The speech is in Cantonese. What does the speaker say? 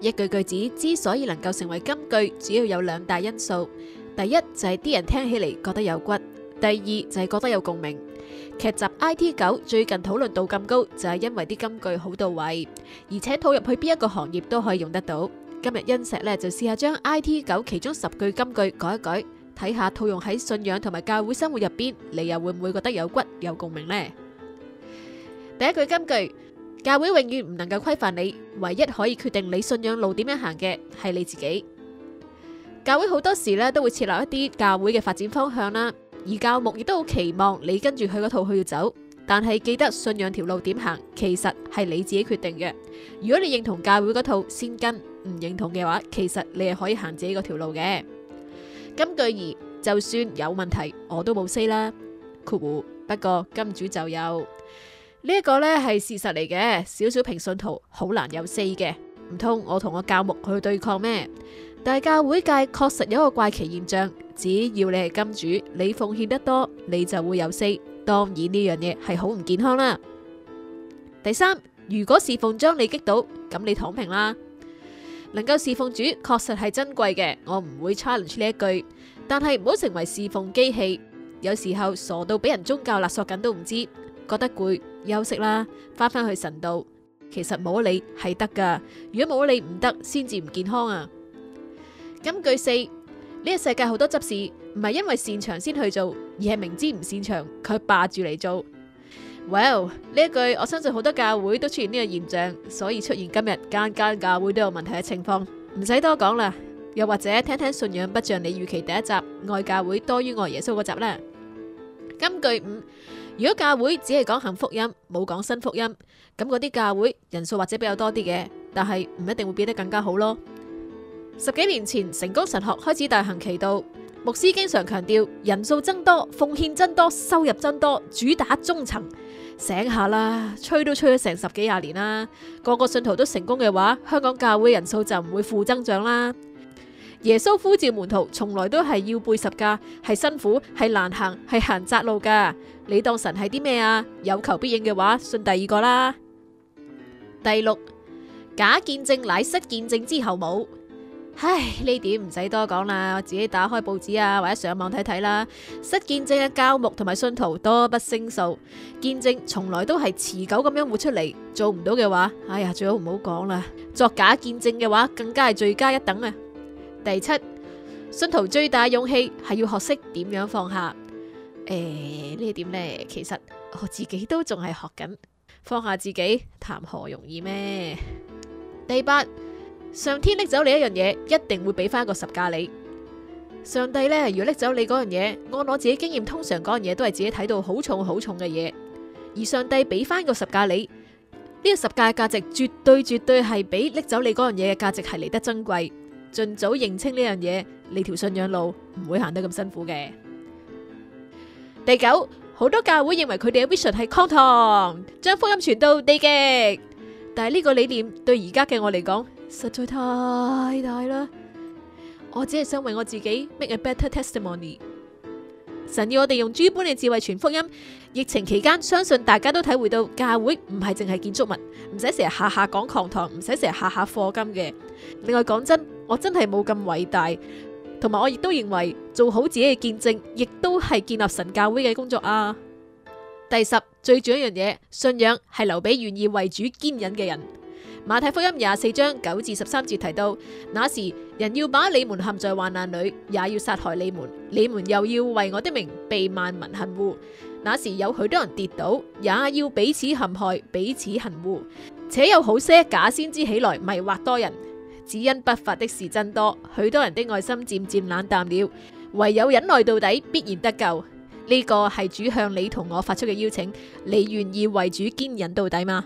一句句子之所以能夠成為金句，主要有兩大因素。第一就係啲人聽起嚟覺得有骨；第二就係覺得有共鳴。劇集 IT 狗最近討論度咁高，就係因為啲金句好到位，而且套入去邊一個行業都可以用得到。今日因石呢就試下將 IT 狗其中十句金句改一改，睇下套用喺信仰同埋教會生活入邊，你又會唔會覺得有骨有共鳴呢？第一句金句。教會永遠唔能夠規範你，唯一可以決定你信仰路點樣行嘅係你自己。教會好多時咧都會設立一啲教會嘅發展方向啦，而教牧亦都好期望你跟住佢嗰套去要走，但係記得信仰條路點行，其實係你自己決定嘅。如果你認同教會嗰套先跟，唔認同嘅話，其實你係可以行自己嗰條路嘅。金句二：就算有問題，我都冇 say 啦。括弧，不過金主就有。呢一個咧係事實嚟嘅，小小平信徒好難有四嘅，唔通我同我教牧去對抗咩？但係教會界確實有一個怪奇現象，只要你係金主，你奉獻得多，你就會有四。當然呢樣嘢係好唔健康啦。第三，如果侍奉將你激到，咁你躺平啦。能夠侍奉主確實係珍貴嘅，我唔會 challenge 呢一句，但係唔好成為侍奉機器。有時候傻到俾人宗教勒索緊都唔知。覺得攰，休息啦，翻返去神度。其實冇你係得噶，如果冇你唔得，先至唔健康啊。金句四：呢個世界好多執事，唔係因為擅長先去做，而係明知唔擅長，卻霸住嚟做。Well 呢一句，我相信好多教會都出現呢個現象，所以出現今日間間教會都有問題嘅情況。唔使多講啦，又或者聽聽信仰不像你預期第一集，愛教會多於愛耶穌嗰集呢？金句五。如果教會只係講幸福音，冇講新福音，咁嗰啲教會人數或者比較多啲嘅，但係唔一定會變得更加好咯。十幾年前，成功神學開始大行其道，牧師經常強調：人數增多、奉獻增多、收入增多，主打中層。醒下啦，吹都吹咗成十幾廿年啦，個個信徒都成功嘅話，香港教會人數就唔會負增長啦。耶穌呼召門徒，從來都係要背十架，係辛苦，係難行，係行窄路噶。你當神係啲咩啊？有求必應嘅話，信第二個啦。第六，假見證乃失見證之後冇，唉呢點唔使多講啦，我自己打開報紙啊或者上網睇睇啦。失見證嘅教牧同埋信徒多不勝數，見證從來都係持久咁樣活出嚟，做唔到嘅話，哎呀最好唔好講啦。作假見證嘅話，更加係罪加一等啊！第七，信徒最大勇氣係要學識點樣放下。誒，呢一點呢，其實我自己都仲係學緊放下自己，談何容易咩？第八，上天拎走你一樣嘢，一定會俾翻一個十價你。上帝呢，如果拎走你嗰樣嘢，按我攞自己經驗，通常嗰樣嘢都係自己睇到好重好重嘅嘢，而上帝俾翻個十價你，呢、這個十價嘅價值絕對絕對係比拎走你嗰樣嘢嘅價值係嚟得珍貴。盡早認清呢樣嘢，你條信仰路唔會行得咁辛苦嘅。第九，好多教會認為佢哋嘅 vision 係擴張，將福音傳到地極，但係呢個理念對而家嘅我嚟講，實在太大啦。我只係想為我自己 make a better testimony。神要我哋用諸般嘅智慧傳福音。疫情期間，相信大家都體會到教會唔係淨係建築物，唔使成日下下講狂堂，唔使成日下下課金嘅。另外，講真，我真係冇咁偉大，同埋我亦都認為做好自己嘅見證，亦都係建立神教會嘅工作啊。第十，最重要一樣嘢，信仰係留俾願意為主堅忍嘅人。馬太福音廿四章九至十三節提到：那時人要把你們陷在患難裏，也要殺害你們；你們又要為我的名被萬民恨惡。那時有許多人跌倒，也要彼此陷害，彼此恨惡。且有好些假先知起來，迷惑多人。只因不法的事增多，許多人的愛心漸漸冷淡了。唯有忍耐到底，必然得救。呢個係主向你同我發出嘅邀請，你願意為主堅忍到底嗎？